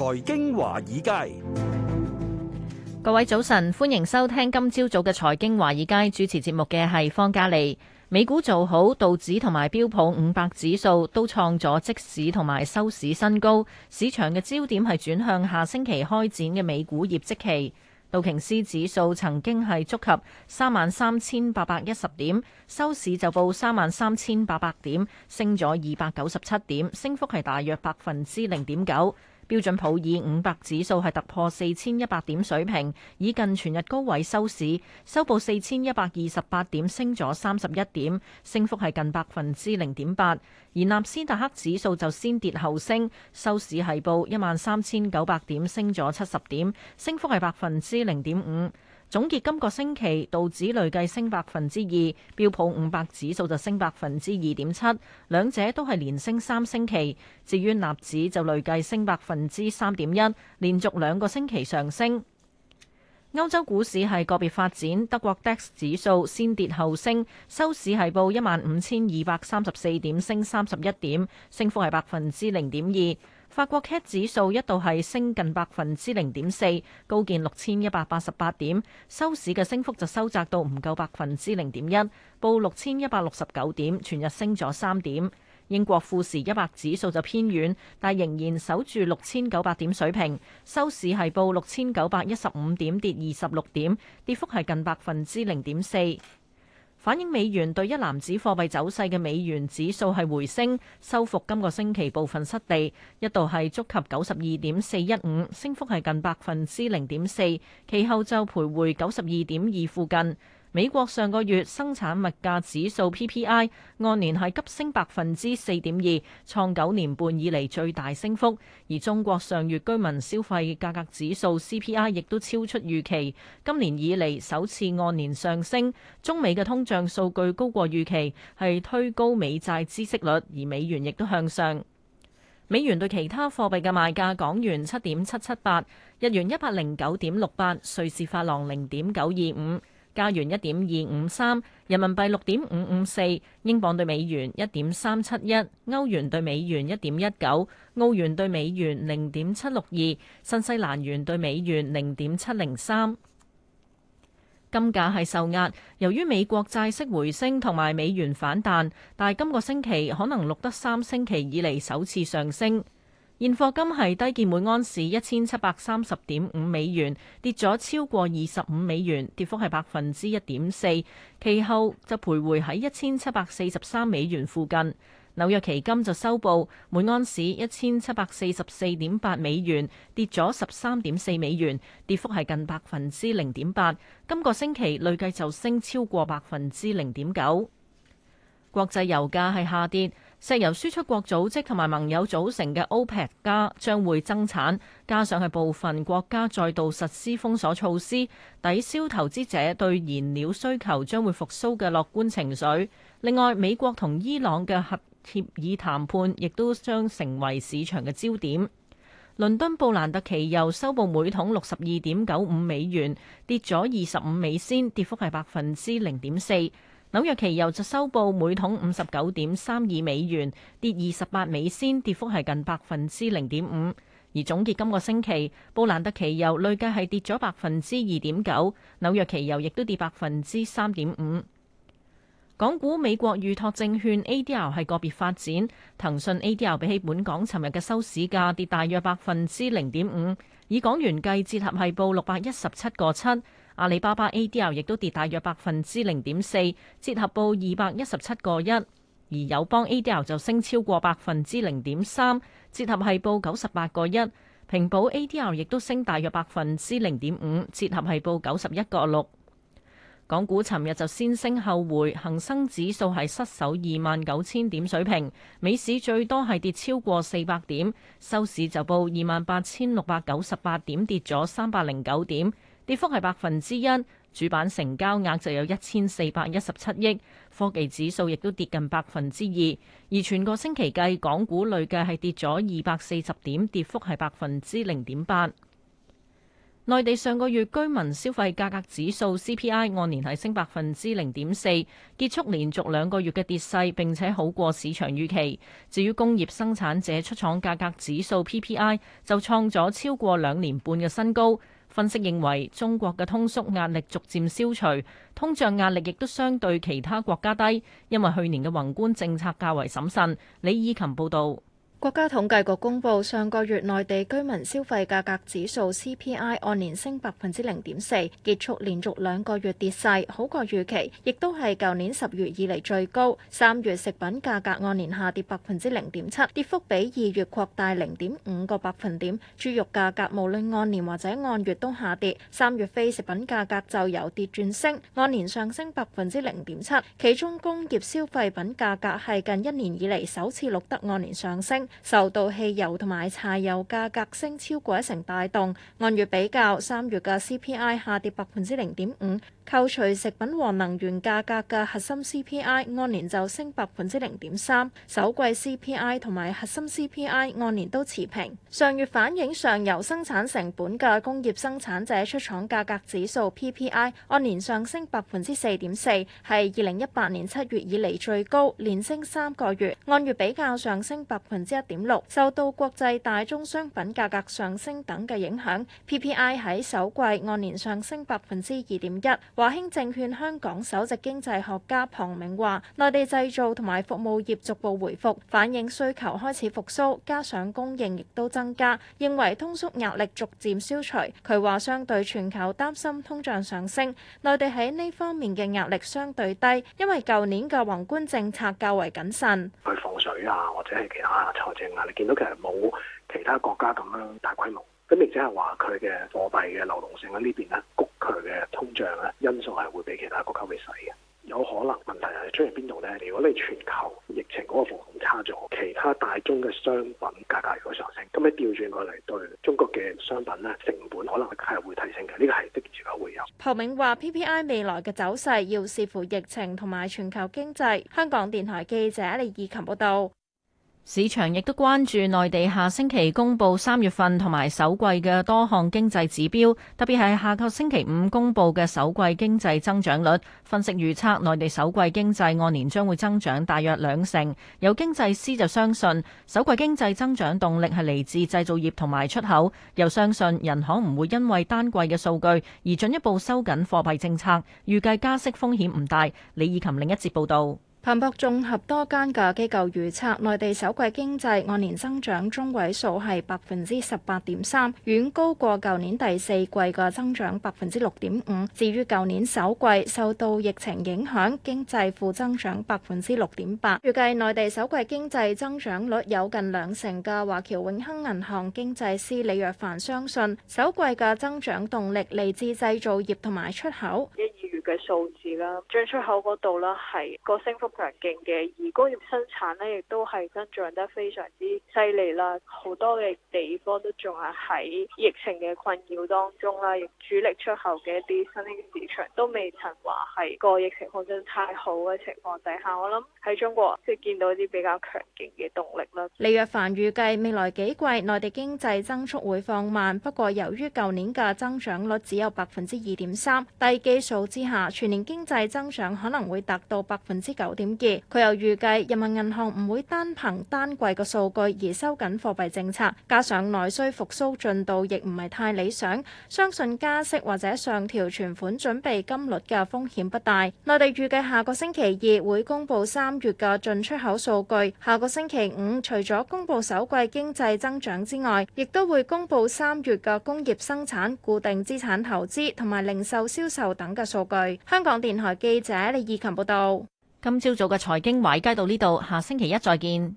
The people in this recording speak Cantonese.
財經華爾街，各位早晨，歡迎收聽今朝早嘅財經華爾街，主持節目嘅係方嘉利。美股做好，道指同埋標普五百指數都創咗即市同埋收市新高。市場嘅焦點係轉向下星期開展嘅美股業績期。道瓊斯指數曾經係觸及三萬三千八百一十點，收市就報三萬三千八百點，升咗二百九十七點，升幅係大約百分之零點九。標準普爾五百指數係突破四千一百點水平，以近全日高位收市，收報四千一百二十八點，升咗三十一點，升幅係近百分之零點八。而納斯達克指數就先跌後升，收市係報一萬三千九百點，升咗七十點，升幅係百分之零點五。總結今個星期，道指累計升百分之二，標普五百指數就升百分之二點七，兩者都係連升三星期。至於納指就累計升百分之三點一，連續兩個星期上升。歐洲股市係個別發展，德國 DAX 指數先跌後升，收市係報一萬五千二百三十四點，升三十一點，升幅係百分之零點二。法國 CAC 指數一度係升近百分之零點四，高見六千一百八十八點，收市嘅升幅就收窄到唔夠百分之零點一，報六千一百六十九點，全日升咗三點。英國富時一百指數就偏軟，但仍然守住六千九百點水平，收市係報六千九百一十五點，跌二十六點，跌幅係近百分之零點四。反映美元對一籃子貨幣走勢嘅美元指數係回升，收復今個星期部分失地，一度係觸及九十二點四一五，升幅係近百分之零點四，其後就徘徊九十二點二附近。美國上個月生產物價指數 PPI 按年係急升百分之四點二，創九年半以嚟最大升幅。而中國上月居民消費價格指數 CPI 亦都超出預期，今年以嚟首次按年上升。中美嘅通脹數據高過預期，係推高美債孳息率，而美元亦都向上。美元對其他貨幣嘅賣價：港元七點七七八，日元一百零九點六八，瑞士法郎零點九二五。加元一點二五三，3, 人民幣六點五五四，英鎊對美元一點三七一，歐元對美元一點一九，澳元對美元零點七六二，新西蘭元對美元零點七零三。金價係受壓，由於美國債息回升同埋美元反彈，但係今個星期可能錄得三星期以嚟首次上升。現貨金係低見每安士一千七百三十點五美元，跌咗超過二十五美元，跌幅係百分之一點四。其後就徘徊喺一千七百四十三美元附近。紐約期金就收報每安士一千七百四十四點八美元，跌咗十三點四美元，跌幅係近百分之零點八。今個星期累計就升超過百分之零點九。國際油價係下跌。石油輸出國組織同埋盟友組成嘅 OPEC 加將會增產，加上係部分國家再度實施封鎖措施，抵消投資者對燃料需求將會復甦嘅樂觀情緒。另外，美國同伊朗嘅核協議談判亦都將成為市場嘅焦點。倫敦布蘭特期油收報每桶六十二點九五美元，跌咗二十五美仙，跌幅係百分之零點四。紐約期油就收報每桶五十九點三二美元，跌二十八美仙，跌幅係近百分之零點五。而總結今個星期，布蘭特期油累計係跌咗百分之二點九，紐約期油亦都跌百分之三點五。港股美國預託證券 ADR 係個別發展，騰訊 ADR 比起本港尋日嘅收市價跌大約百分之零點五，以港元計，折合係報六百一十七個七。阿里巴巴 ADR 亦都跌大約百分之零點四，折合報二百一十七個一。而友邦 ADR 就升超過百分之零點三，折合係報九十八個一。平保 ADR 亦都升大約百分之零點五，折合係報九十一個六。港股尋日就先升後回，恒生指數係失守二萬九千點水平，美市最多係跌超過四百點，收市就報二萬八千六百九十八點，跌咗三百零九點。跌幅係百分之一，主板成交額就有一千四百一十七億，科技指數亦都跌近百分之二。而全個星期計，港股累計係跌咗二百四十點，跌幅係百分之零點八。內地上個月居民消費價格指數 CPI 按年係升百分之零點四，結束連續兩個月嘅跌勢，並且好過市場預期。至於工業生產者出廠價格指數 PPI 就創咗超過兩年半嘅新高。分析認為，中國嘅通縮壓力逐漸消除，通脹壓力亦都相對其他國家低，因為去年嘅宏觀政策較為審慎。李以琴報導。國家統計局公布上個月內地居民消費價格指數 CPI 按年升百分之零點四，結束連續兩個月跌勢，好過預期，亦都係舊年十月以嚟最高。三月食品價格按年下跌百分之零點七，跌幅比二月擴大零點五個百分點。豬肉價格無論按年或者按月都下跌，三月非食品價格就由跌轉升，按年上升百分之零點七，其中工業消費品價格係近一年以嚟首次錄得按年上升。受到汽油同埋柴油價格升超過一成帶動，按月比較三月嘅 CPI 下跌百分之零點五，扣除食品和能源價格嘅核心 CPI 按年就升百分之零點三，首季 CPI 同埋核心 CPI 按年都持平。上月反映上游生產成本嘅工業生產者出廠價格指數 PPI 按年上升百分之四點四，係二零一八年七月以嚟最高，連升三個月，按月比較上升百分之一點六，受到國際大宗商品價格上升等嘅影響，PPI 喺首季按年上升百分之二點一。華興證券香港首席經濟學家龐明話：內地製造同埋服務業逐步回復，反映需求開始復蘇，加上供應亦都增加，認為通縮壓力逐漸消除。佢話相對全球擔心通脹上升，內地喺呢方面嘅壓力相對低，因為舊年嘅宏觀政策較為謹慎，去放水啊，或者係其他。嗱，你見到其實冇其他國家咁樣大規模，咁亦即係話佢嘅貨幣嘅流動性喺呢邊咧，谷佢嘅通脹咧，因素係會比其他國家會細嘅，有可能問題係出喺邊度咧？如果你全球疫情嗰個防控差咗，其他大宗嘅商品價格如果上升，咁你調轉過嚟對中國嘅商品咧，成本可能係會提升嘅，呢個係的確會有。陶明話：PPI 未來嘅走勢要視乎疫情同埋全球經濟。香港電台記者李義琴報道。市場亦都關注內地下星期公布三月份同埋首季嘅多項經濟指標，特別係下個星期五公布嘅首季經濟增長率。分析預測內地首季經濟按年將會增長大約兩成。有經濟師就相信首季經濟增長動力係嚟自製造業同埋出口，又相信人行唔會因為單季嘅數據而進一步收緊貨幣政策，預計加息風險唔大。李以琴另一節報道。彭博綜合多間嘅機構預測，內地首季經濟按年增長中位數係百分之十八點三，遠高過舊年第四季嘅增長百分之六點五。至於舊年首季受到疫情影響，經濟負增長百分之六點八。預計內地首季經濟增長率有近兩成嘅華僑永亨銀行經濟師李若凡相信，首季嘅增長動力嚟自製造業同埋出口。嘅數字啦，進出口嗰度啦係個升幅強勁嘅，而工業生產咧亦都係增長得非常之犀利啦。好多嘅地方都仲係喺疫情嘅困擾當中啦，亦主力出口嘅一啲新興市場都未曾話係個疫情控制得太好嘅情況底下，我諗喺中國即係見到一啲比較強勁嘅動力啦。李若凡預計未來幾季內地經濟增速會放慢，不過由於舊年嘅增長率只有百分之二點三，低基數之下。全年經濟增長可能會達到百分之九點二。佢又預計人民銀行唔會單憑單季嘅數據而收緊貨幣政策，加上內需復甦進度亦唔係太理想，相信加息或者上調存款準備金率嘅風險不大。內地預計下個星期二會公布三月嘅進出口數據，下個星期五除咗公布首季經濟增長之外，亦都會公布三月嘅工業生產、固定資產投資同埋零售銷售等嘅數據。香港電台記者李義勤報道。今朝早嘅財經華爾街到呢度，下星期一再見。